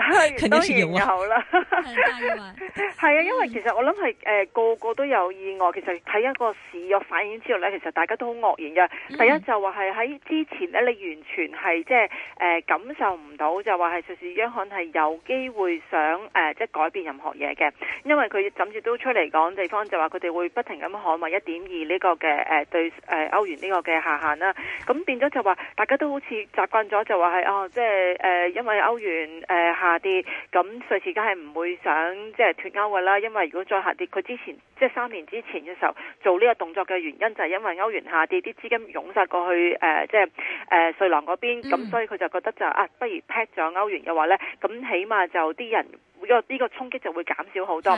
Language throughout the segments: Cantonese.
係當然有啦，係啊， 因為其實我諗係誒個個都有意外。其實睇一個事嘅反應之後咧，其實大家都好愕然嘅。第一就話係喺之前咧，你完全係即係誒感受唔到，就話係瑞士央行係有機會想誒、呃、即係改變任何嘢嘅，因為佢甚至都出嚟講地方就話佢哋會不停咁捍衞一點二呢個嘅誒對誒歐元呢個嘅下限啦。咁變咗就話大家都好似習慣咗，就話係哦，即係誒因為歐元誒、呃下跌，咁瑞士梗係唔會想即係脱歐噶啦，因為如果再下跌，佢之前即係三年之前嘅時候做呢個動作嘅原因就係因為歐元下跌，啲資金湧晒過去誒，即係誒瑞郎嗰邊，咁、嗯、所以佢就覺得就是、啊，不如 peg 咗歐元嘅話咧，咁起碼就啲人呢個呢個衝擊就會減少好多。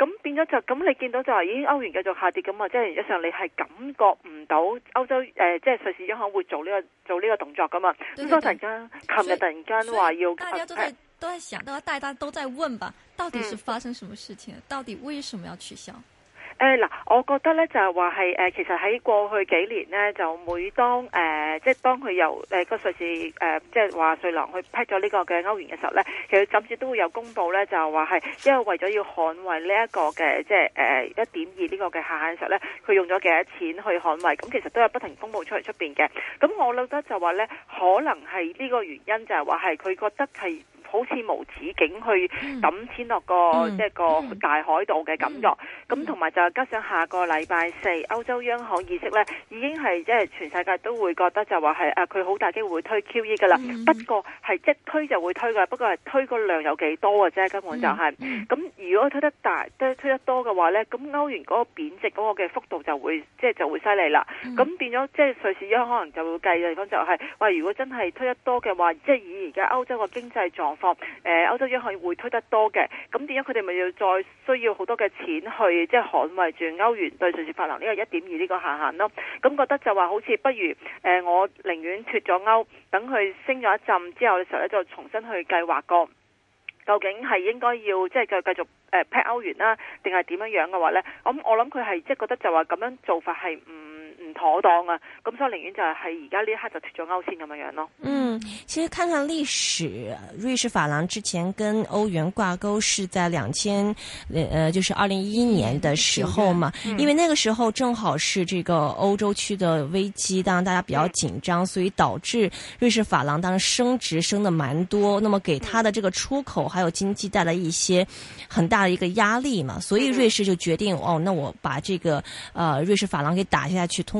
咁變咗就咁，你見到就話已經歐元繼續下跌咁嘛。即係實際上你係感覺唔到歐洲誒、呃，即係瑞士央行會做呢、呢個做呢個動作噶嘛？咁突然間，琴日突然間話要 peg, 都在想，大家都在問吧，到底是發生什麼事情？嗯、到底為什麼要取消？誒、呃、嗱，我覺得咧就係話係誒，其實喺過去幾年呢，就每當誒、呃、即係當佢由誒個瑞士誒即係話瑞郎去劈咗呢個嘅歐元嘅時候咧，其實甚至都會有公布咧就係話係因為為咗要捍衛這、就是呃、2. 2. 這呢一個嘅即係誒一點二呢個嘅下限嘅時候咧，佢用咗幾多錢去捍衛？咁、嗯、其實都有不停公布出嚟出邊嘅。咁、嗯、我覺得就話咧，可能係呢個原因就係話係佢覺得係。好似無止境去抌錢落個、嗯、即係個大海度嘅感覺，咁同埋就係加上下個禮拜四歐洲央行議息咧，已經係即係全世界都會覺得就話係誒佢好大機會推 QE 噶啦、嗯。不過係即推就會推嘅，不過係推個量有幾多嘅啫，根本就係、是、咁。嗯嗯、如果推得大、推推得多嘅話咧，咁歐元嗰個貶值嗰個嘅幅度就會即係就，就會犀利啦。咁、嗯、變咗即係瑞士央行可能就會計嘅地方就係、是、話，如果真係推得多嘅話，即係以而家歐洲嘅經濟狀。放誒歐洲央行會推得多嘅，咁點解佢哋咪要再需要好多嘅錢去即係捍衞住歐元對瑞士法郎呢個一點二呢個限限咯？咁覺得就話好似不如誒，我寧願脫咗歐，等佢升咗一陣之後嘅時候咧，就重新去計劃過究竟係應該要即係、就係、繼續誒 peg 歐元啦，定係點樣樣嘅話呢？咁我諗佢係即係覺得就話咁樣做法係唔。妥當啊，咁所以寧願就係而家呢一刻就脱咗鈎先咁樣咯。嗯，其實看看歷史，瑞士法郎之前跟歐元掛鈎是在兩千，呃，就是二零一一年的時候嘛，因為那個時候正好是這個歐洲區的危機，當然大家比較緊張，所以導致瑞士法郎當然升值升得蠻多，那麼給它的這個出口還有經濟帶來一些很大的一個壓力嘛，所以瑞士就決定，哦，那我把這個，呃，瑞士法郎給打下去通。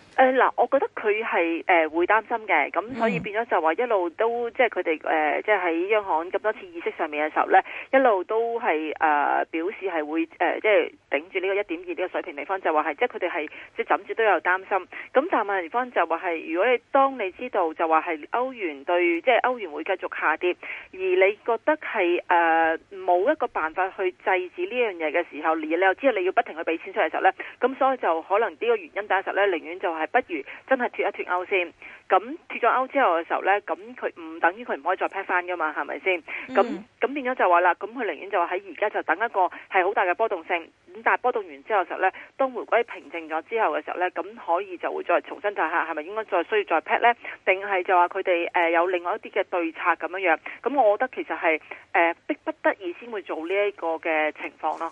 誒、啊、嗱，我覺得佢係誒會擔心嘅，咁所以變咗就話一路都即係佢哋誒即係喺央行咁多次意識上面嘅時候咧，一路都係誒、呃、表示係會誒、呃、即係頂住呢個一點二呢個水平地方，就話係即係佢哋係即係枕住都有擔心。咁但係另一方面就話係，如果你當你知道就話係歐元對即係歐元會繼續下跌，而你覺得係誒冇一個辦法去制止呢樣嘢嘅時候，而你又知道你要不停去俾錢出嚟嘅時候咧，咁所以就可能呢個原因打實咧，寧願就係、是。不如真係脫一脫鈎先，咁脫咗鈎之後嘅時候呢，咁佢唔等於佢唔可以再 peg 翻噶嘛，係咪先？咁、mm. 咁變咗就話啦，咁佢寧願就喺而家就等一個係好大嘅波動性，咁但係波動完之後嘅時候呢，當回歸平靜咗之後嘅時候呢，咁可以就會再重新睇下係咪應該再需要再 peg 呢？定係就話佢哋呃、有另外一啲嘅對策咁樣樣？咁我覺得其實係逼、呃、不得已先會做呢一個嘅情況咯。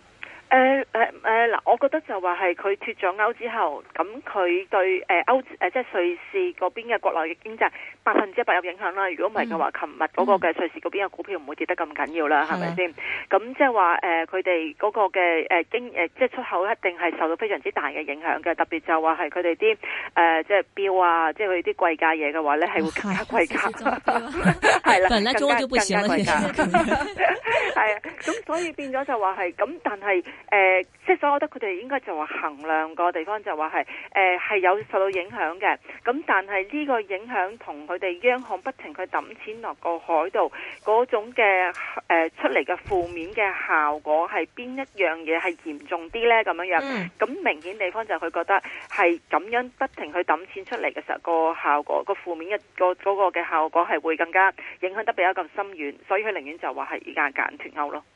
誒誒誒嗱，我覺得就話係佢脫咗歐之後，咁佢對誒歐誒即係瑞士嗰邊嘅國內嘅經濟百分之一百有影響啦。如果唔係嘅話，琴日嗰個嘅瑞士嗰邊嘅股票唔會跌得咁緊要啦，係咪先？咁、啊呃呃呃、即係話誒，佢哋嗰個嘅誒經誒即係出口一定係受到非常之大嘅影響嘅，特別就話係佢哋啲誒即係錶啊，即係佢啲貴價嘢嘅話咧，係會更加貴價，哦。係啦， 更加貴價。 係啊，咁所以變咗就話係咁，但係。誒、呃，即係所以，我覺得佢哋應該就話衡量個地方就話係，誒、呃、係有受到影響嘅。咁但係呢個影響同佢哋央行不停去抌錢落個海度嗰種嘅，誒、呃、出嚟嘅負面嘅效果係邊一樣嘢係嚴重啲呢？咁樣樣，咁、嗯、明顯地方就係佢覺得係咁樣不停去抌錢出嚟嘅時候，個效果負、個負面嘅個嗰個嘅效果係會更加影響得比較咁深遠，所以佢寧願就話係而家揀脱歐咯。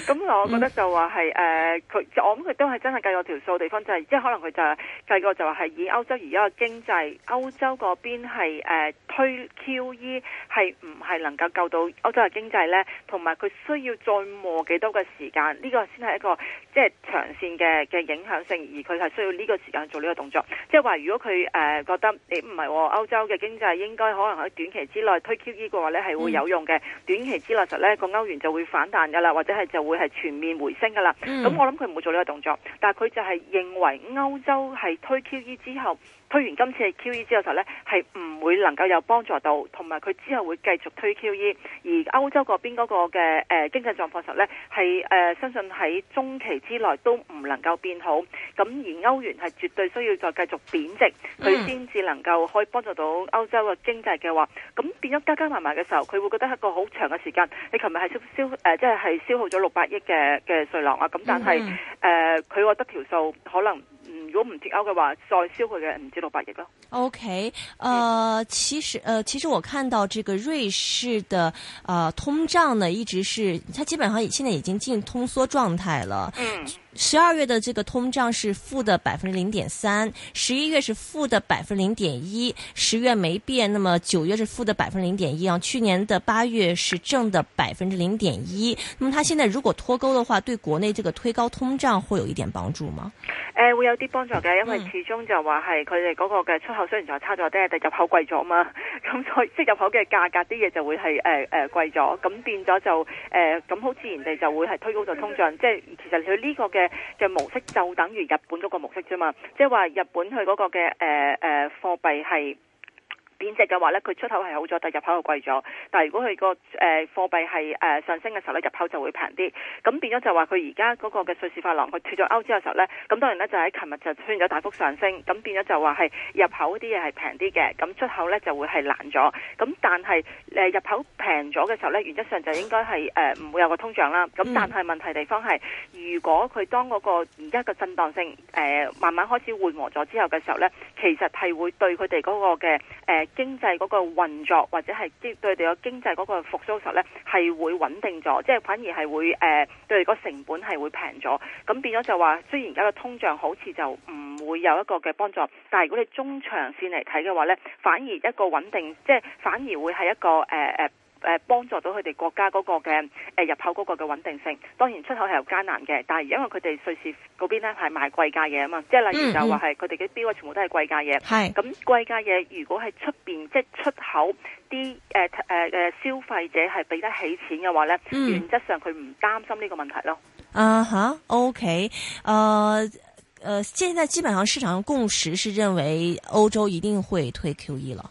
咁我覺得就話，係誒，佢，我諗，佢都係真係計過條數地方，就係、是、即係可能佢就係計過就話，係以歐洲而家嘅經濟，歐洲嗰邊係誒、呃、推 QE 係唔係能夠救到歐洲嘅經濟咧？同埋佢需要再磨幾多嘅時間呢、這個先係一個即係、就是、長線嘅嘅影響性，而佢係需要呢個時間做呢個動作。即係話，如果佢誒、呃、覺得你唔係話歐洲嘅經濟應該可能喺短期之內推 QE 嘅話咧，係會有用嘅。嗯、短期之內，實咧個歐元就會反彈㗎喇，或者係就。會係全面回升噶啦，咁、嗯、我諗佢唔會做呢個動作，但係佢就係認為歐洲係推 QE 之後。推完今次嘅 QE 之後時候呢候咧，係唔會能夠有幫助到，同埋佢之後會繼續推 QE。而歐洲嗰邊嗰個嘅誒、呃、經濟狀況時候咧係誒相信喺中期之內都唔能夠變好。咁而歐元係絕對需要再繼續貶值，佢先至能夠可以幫助到歐洲嘅經濟嘅話，咁變咗加加埋埋嘅時候，佢會覺得一個好長嘅時間。你琴日係消消即係消耗咗六百億嘅嘅稅浪啊。咁但係誒，佢、嗯嗯嗯呃、覺得條數可能。如果唔接歐嘅話，再燒佢嘅唔止六百億咯。OK，呃，其實，呃，其實我看到這個瑞士的呃通脹呢，一直是，它基本上現在已經進通縮狀態了。嗯。十二月的這個通脹是負的百分之零點三，十一月是負的百分零點一，十月沒變，那麼九月是負的百分零點一啊，去年的八月是正的百分之零點一，那麼它現在如果脱鈎的話，對國內這個推高通脹會有一點幫助嗎？呃、會有啲幫助嘅，因為始終就話係佢哋嗰個嘅出口雖然就差咗啲，但係入口貴咗嘛，咁、嗯嗯、所以即係入口嘅價格啲嘢就會係誒誒貴咗，咁變咗就誒咁好自然地就會係推高咗通脹，即、嗯、係其實佢呢個嘅。嘅模式就等於日本嗰個模式啫嘛，即係話日本佢嗰個嘅誒誒貨幣係。貶值嘅話咧，佢出口係好咗，但係入口又貴咗。但係如果佢個誒貨幣係誒、呃、上升嘅時候咧，入口就會平啲。咁變咗就話佢而家嗰個嘅瑞士法郎佢脫咗歐之後嘅時候咧，咁當然咧就喺琴日就出現咗大幅上升。咁變咗就話係入口啲嘢係平啲嘅，咁出口咧就會係難咗。咁但係誒、呃、入口平咗嘅時候咧，原則上就應該係誒唔會有個通脹啦。咁但係問題地方係，如果佢當嗰個而家嘅震盪性誒、呃、慢慢開始緩和咗之後嘅時候咧，其實係會對佢哋嗰個嘅誒。呃經濟嗰個運作或者係經對佢哋個經濟嗰個復甦時候咧，係會穩定咗，即係反而係會誒、呃、對個成本係會平咗，咁變咗就話雖然而家個通脹好似就唔會有一個嘅幫助，但係如果你中長線嚟睇嘅話咧，反而一個穩定，即係反而會係一個誒誒。呃誒、呃，幫助到佢哋國家嗰個嘅誒、呃、入口嗰個嘅穩定性，當然出口係有艱難嘅，但係因為佢哋瑞士嗰邊咧係賣貴價嘢啊嘛，即係例如就話係佢哋嘅標啊，全部都係貴價嘢。係、嗯、咁貴價嘢，如果係出邊即係出口啲誒誒誒，消費者係畀得起錢嘅話咧，原則上佢唔擔心呢個問題咯。嗯、啊吓，OK，誒、呃、誒、呃，現在基本上市場共識是認為歐洲一定會退 QE 咯。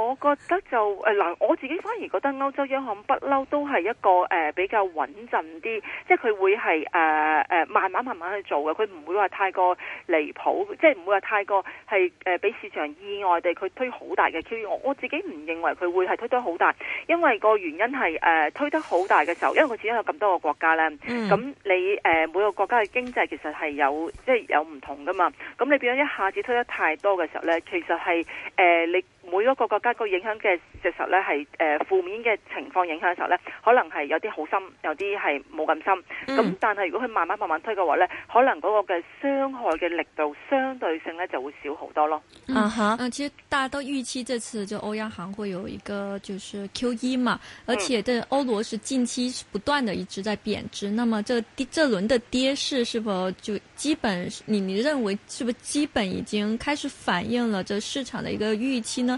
我覺得就誒嗱、呃，我自己反而覺得歐洲央行不嬲都係一個誒、呃、比較穩陣啲，即係佢會係誒誒慢慢慢慢去做嘅，佢唔會話太過離譜，即係唔會話太過係誒俾市場意外地佢推好大嘅 QE。我我自己唔認為佢會係推得好大，因為個原因係誒、呃、推得好大嘅時候，因為佢始終有咁多個國家咧，咁、嗯、你誒、呃、每個國家嘅經濟其實係有即係有唔同噶嘛，咁你變咗一下子推得太多嘅時候咧，其實係誒、呃、你。每一個國家個影響嘅時候咧，係負面嘅情況影響嘅時候咧，可能係有啲好深，有啲係冇咁深。咁、嗯、但係如果佢慢慢慢慢推嘅話咧，可能嗰個嘅傷害嘅力度相對性咧就會少好多咯。啊、嗯、啊、嗯嗯，其實大家都預期這次就歐央行會有一個就是 QE 嘛，而且對歐羅是近期不斷的一直在貶值。嗯、那麼這這輪的跌勢是否就基本？你你認為是不是基本已經開始反映了這市場的一個預期呢？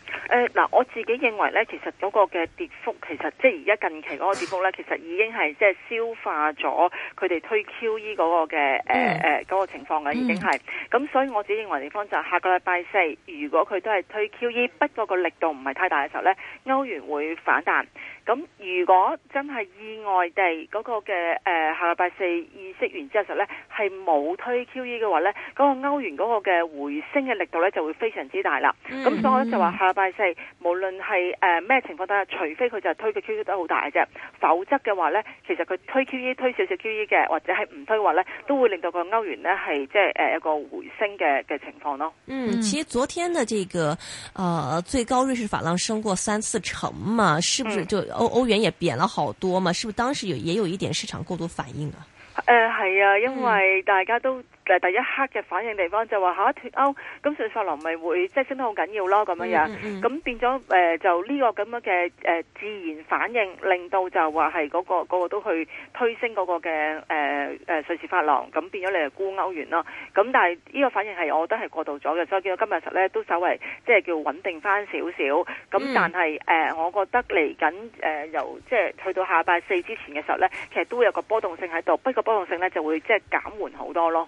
誒、呃、嗱，我自己認為咧，其實嗰個嘅跌幅其實即係而家近期嗰個跌幅咧，其實已經係即係消化咗佢哋推 QE 嗰個嘅誒誒嗰個情況嘅，已經係。咁所以我自己認為地方就係下個禮拜四，如果佢都係推 QE，不過個力度唔係太大嘅時候咧，歐元會反彈。咁如果真係意外地嗰個嘅誒、呃、下禮拜四意識完之後時候咧，係冇推 QE 嘅話咧，嗰個歐元嗰個嘅回升嘅力度咧就會非常之大啦。咁、mm. 所以我就話下禮拜。係無論係誒咩情況底下，除非佢就係推佢 QE 得好大嘅啫，否則嘅話咧，其實佢推 QE 推少少 QE 嘅，或者係唔推嘅話咧，都會令到個歐元咧係即係誒一個回升嘅嘅情況咯。嗯，其實昨天嘅這個誒、呃、最高瑞士法郎升過三四成嘛，是不是就歐歐元也貶了好多嘛？是不是當時有也有一點市場過度反應啊？誒係啊，因為大家都。第一刻嘅反應地方就話下一脱歐，咁、啊、瑞士法郎咪會即係升得好緊要咯咁樣樣，咁、mm -hmm. 變咗誒、呃、就呢個咁樣嘅誒、呃、自然反應，令到就話係嗰個都去推升嗰個嘅誒誒瑞士法郎，咁變咗你係沽歐元咯。咁但係呢個反應係我都係過度咗嘅，所以見到今日實咧都稍微即係叫穩定翻少少。咁但係誒，我覺得嚟緊誒由即係去到下拜四之前嘅時候咧，其實都會有個波動性喺度，不過波動性咧就會即係減緩好多咯。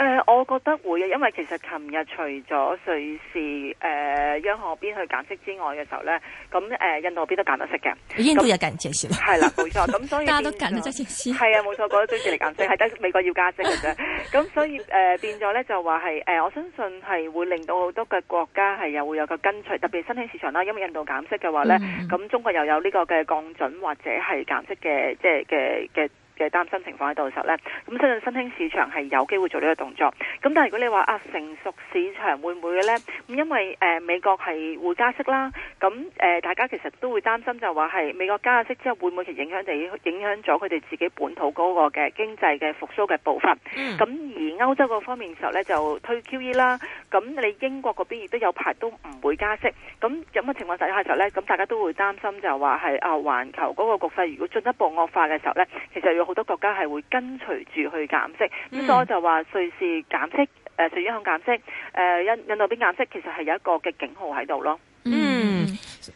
誒、呃，我覺得會啊，因為其實琴日除咗瑞士誒、呃、央行邊去減息之外嘅時候咧，咁、嗯、誒、嗯、印度邊都減咗息嘅，已經都有減嘅措施啦。係啦，冇 錯，咁所以加都減嘅措施。係啊，冇錯，嗰啲措施嚟減息，係 得美國要加息嘅啫。咁 所以誒、呃、變咗咧就話係誒，我相信係會令到好多嘅國家係又會有個跟隨，特別新興市場啦，因為印度減息嘅話咧，咁、嗯、中國又有呢個嘅降準或者係減息嘅即係嘅嘅。的的嘅擔心情況喺度嘅時候呢，咁相信新興市場係有機會做呢個動作。咁但係如果你話啊成熟市場會唔會呢？咁因為誒、呃、美國係會加息啦，咁誒、呃、大家其實都會擔心就話係美國加息之後會唔會其影響地影響咗佢哋自己本土嗰個嘅經濟嘅復甦嘅步伐。咁、嗯、而歐洲嗰方面嘅時候呢，就推 QE 啦。咁你英國嗰邊亦都有排都唔會加息。咁咁嘅情況底下嘅時候呢，咁大家都會擔心就話係啊環球嗰個局勢如果進一步惡化嘅時候呢，其實要。好多國家係會跟隨住去減息，咁、嗯、所以就話瑞士減息，誒，瑞士央行減息，誒、呃，印印度邊減息，其實係有一個嘅警號喺度咯。嗯，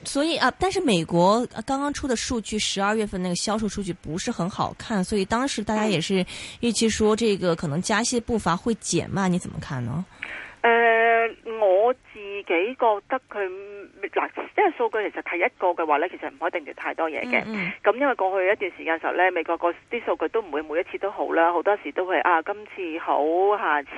所以啊，但是美國剛剛出的數據，十二月份那個銷售數據不是很好看，所以當時大家也是預期說，這個可能加息步伐會減慢，你怎麼看呢？誒、呃，我。幾覺得佢嗱，因為、這個、數據其實睇一個嘅話咧，其實唔可以定住太多嘢嘅。咁、mm -hmm. 因為過去一段時間嘅時候咧，美國啲數據都唔會每一次都好啦，好多時都係，啊，今次好，下次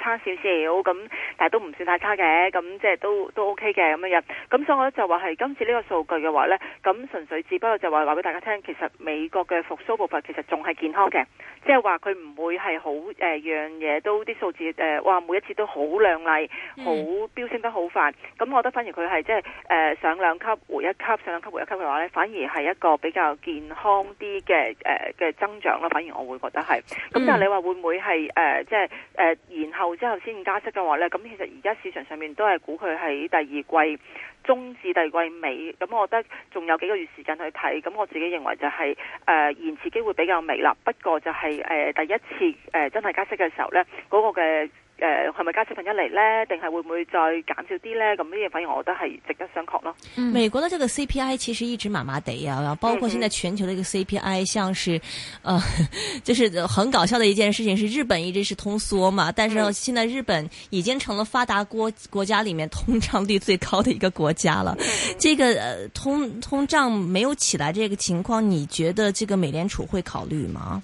差少少咁，但係都唔算太差嘅，咁即係都都 OK 嘅，咁樣樣。咁所以我就話係今次呢個數據嘅話咧，咁純粹只不過就話話俾大家聽，其實美國嘅復甦步伐其實仲係健康嘅，即係話佢唔會係好誒樣嘢都啲數字誒，哇、呃、每一次都好亮麗，好、mm -hmm. 飆升得好。好快，咁，我覺得反而佢係即係誒上兩級回一級，上兩級回一級嘅話咧，反而係一個比較健康啲嘅誒嘅增長啦。反而我會覺得係。咁但係你話會唔會係誒即係誒然後之後先加息嘅話咧？咁其實而家市場上面都係估佢喺第二季中至第二季尾。咁我覺得仲有幾個月時間去睇。咁我自己認為就係誒延遲機會比較微啦。不過就係誒第一次誒真係加息嘅時候咧，嗰個嘅。誒、呃，係咪加四分一厘呢？定係會唔會再減少啲呢？咁呢樣反應，我覺得係值得商榷咯。美國咧，這個 CPI 其實一直麻麻地啊，包括現在全球的一個 CPI，像是、嗯，呃，就是很搞笑的一件事情，是日本一直是通縮嘛，但是現在日本已經成了發達國國家裏面通脹率最高的一個國家了。嗯、這個、呃、通通脹沒有起來，這個情況，你覺得這個美聯儲會考慮嗎？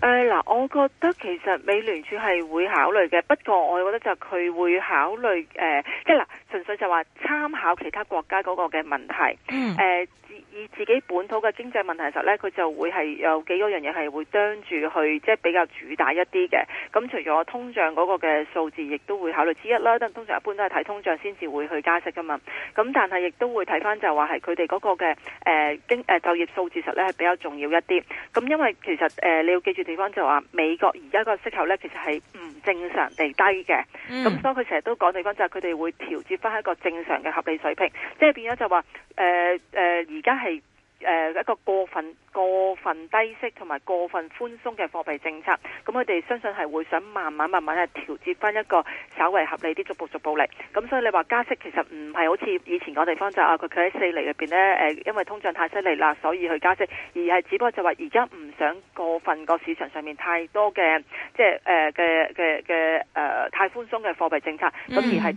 誒，嗱，我覺得其實美聯儲係會考慮嘅，不過我覺得就佢會考慮，誒、呃，即係嗱、呃，純粹就話參考其他國家嗰個嘅問題，誒、嗯呃，以自己本土嘅經濟問題實咧，佢就會係有幾個樣嘢係會啄住去，即、就、係、是、比較主打一啲嘅。咁、嗯、除咗通脹嗰個嘅數字，亦都會考慮之一啦。通常一般都係睇通脹先至會去加息噶嘛。咁、嗯、但係亦都會睇翻就話係佢哋嗰個嘅，誒、呃，經誒、呃、就業數字實咧係比較重要一啲。咁、嗯、因為其實誒、呃、你要記住。地、嗯、方就話美國而家個息口咧，其實係唔正常地低嘅。咁所以佢成日都講，地方就係佢哋會調節翻一個正常嘅合理水平，即、就、係、是、變咗就話誒誒，而家係。呃誒、呃、一個過分過分低息同埋過分寬鬆嘅貨幣政策，咁佢哋相信係會想慢慢慢慢係調節返一個稍微合理啲，逐步逐步嚟。咁所以你話加息其實唔係好似以前嗰地方就是、啊佢佢喺四厘入面咧、呃、因為通脹太犀利啦，所以去加息，而係只不過就話而家唔想過分個市場上面太多嘅即係誒嘅嘅嘅誒太寬鬆嘅貨幣政策，咁而係。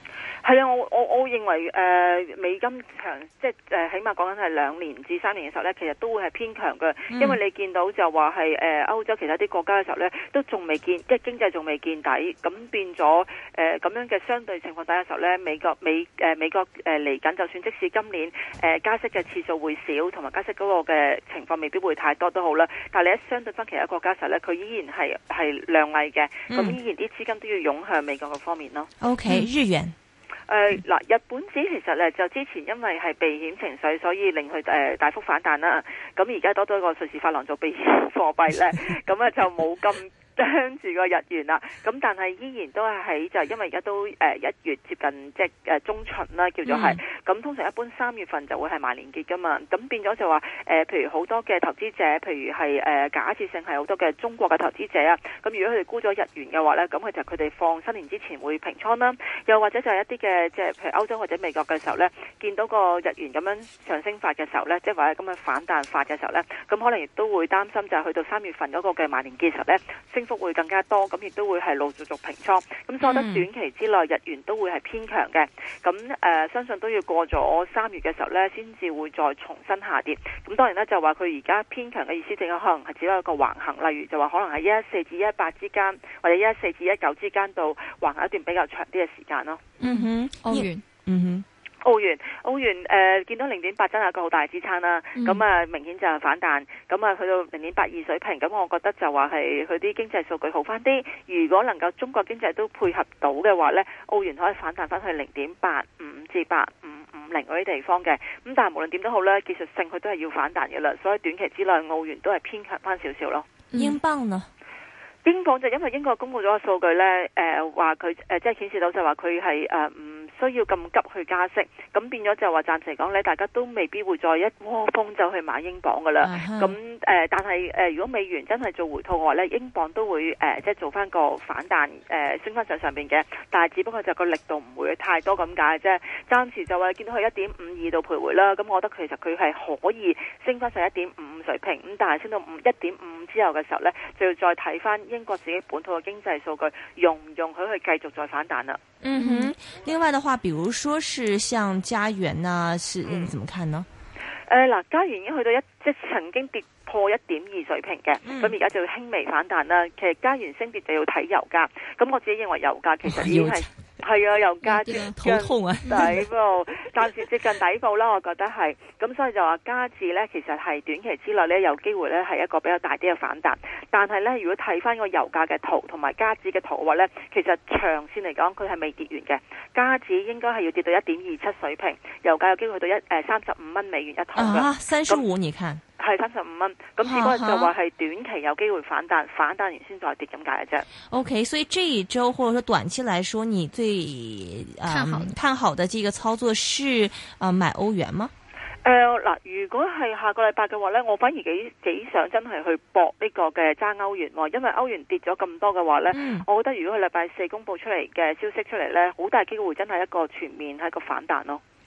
係啊，我我我認為誒、呃、美金強，即係誒、呃、起碼講緊係兩年至三年嘅時候咧，其實都會係偏強嘅、嗯，因為你見到就話係誒歐洲其他啲國家嘅時候咧，都仲未見即係經濟仲未見底，咁變咗誒咁樣嘅相對情況底下嘅時候咧，美國美誒、呃、美國誒嚟緊，就、呃、算即使今年誒、呃、加息嘅次數會少，同埋加息嗰個嘅情況未必會太多都好啦，但係你一相對翻其他國家嘅時候咧，佢依然係係亮麗嘅，咁、嗯、依然啲資金都要湧向美國嗰方面咯。OK，、嗯、日元。誒、呃、嗱，日本紙其實咧就之前因為係避險情緒，所以令佢、呃、大幅反彈啦。咁而家多咗一個瑞士法郎做避險貨幣咧，咁 啊就冇咁住 個日元啦、啊，咁但係依然都係喺就係因為而家都誒一、呃、月接近即誒、呃、中旬啦，叫做係，咁通常一般三月份就會係萬年結噶嘛，咁變咗就話誒、呃，譬如好多嘅投資者，譬如係誒、呃、假設性係好多嘅中國嘅投資者啊，咁如果佢哋沽咗日元嘅話咧，咁佢就佢哋放新年之前會平倉啦，又或者就係一啲嘅即係譬如歐洲或者美國嘅時候咧，見到個日元咁樣上升法嘅時候咧，即係話咁樣反彈法嘅時候咧，咁可能亦都會擔心就係去到三月份嗰個嘅萬年結時候咧升。都、嗯嗯、會更加多，咁亦都會係陸續續平倉，咁所以得短期之內日元都會係偏強嘅，咁、嗯、誒、呃、相信都要過咗三月嘅時候咧，先至會再重新下跌。咁、嗯、當然咧就話佢而家偏強嘅意思，只有可能係只係一個橫行，例如就話可能係一四至一八之間，或者一四至一九之間到橫行一段比較長啲嘅時間咯。嗯哼，歐元，嗯哼。澳元，澳元誒、呃，見到零點八真係一個好大支撐啦。咁、嗯、啊、嗯，明顯就係反彈，咁、嗯、啊，去到零點八二水平。咁我覺得就話係佢啲經濟數據好翻啲。如果能夠中國經濟都配合到嘅話呢，澳元可以反彈翻去零點八五至八五五零嗰啲地方嘅。咁但係無論點都好呢，技術性佢都係要反彈嘅啦。所以短期之內澳元都係偏強翻少少咯。英鎊呢？嗯、英鎊就因為英國公佈咗個數據呢，誒、呃，話佢、呃、即係顯示到就話佢係誒五。呃需要咁急去加息，咁變咗就話暫時講呢大家都未必會再一窩蜂就去買英鎊噶啦。咁、啊、誒、呃，但係誒、呃，如果美元真係做回套嘅話呢英鎊都會誒即係做翻個反彈誒、呃，升翻上上面嘅。但係只不過就個力度唔會太多咁解啫。暫時就話、啊、見到佢一點五二度徘徊啦。咁我覺得其實佢係可以升翻上一點五五水平。咁但係升到五一點五五之後嘅時候呢，就要再睇翻英國自己本土嘅經濟數據容唔容許去繼續再反彈啦。嗯哼，另外的話，比如說是像加元啊，是你、嗯、怎麼看呢？誒、呃、嗱，加元已經去到一即曾經跌破一點二水平嘅，咁而家就要輕微反彈啦。其實加元升跌就要睇油價，咁我自己認為油價其實已經係。係啊，油價跌，頭痛啊底部，暫時、啊、 接近底部啦。我覺得係，咁所以就話加字咧，其實係短期之內咧有機會咧係一個比較大啲嘅反彈。但係咧，如果睇翻個油價嘅圖同埋加字嘅圖嘅話咧，其實長線嚟講佢係未跌完嘅。加字應該係要跌到一點二七水平，油價有機會去到一誒三十五蚊美元一套嘅。啊，三十五，你看。係三十五蚊，咁市哥就話係短期有機會反彈，啊、反彈完先再跌咁解嘅啫。O、okay，K，所以這一周或者說短期來說，你最啊、嗯、看，看好的這個操作是啊、呃、買歐元嗎？誒、呃、嗱，如果係下個禮拜嘅話咧，我反而幾幾想真係去搏呢個嘅爭歐元、哦，因為歐元跌咗咁多嘅話咧、嗯，我覺得如果佢禮拜四公布出嚟嘅消息出嚟咧，好大機會真係一個全面係一個反彈咯、哦。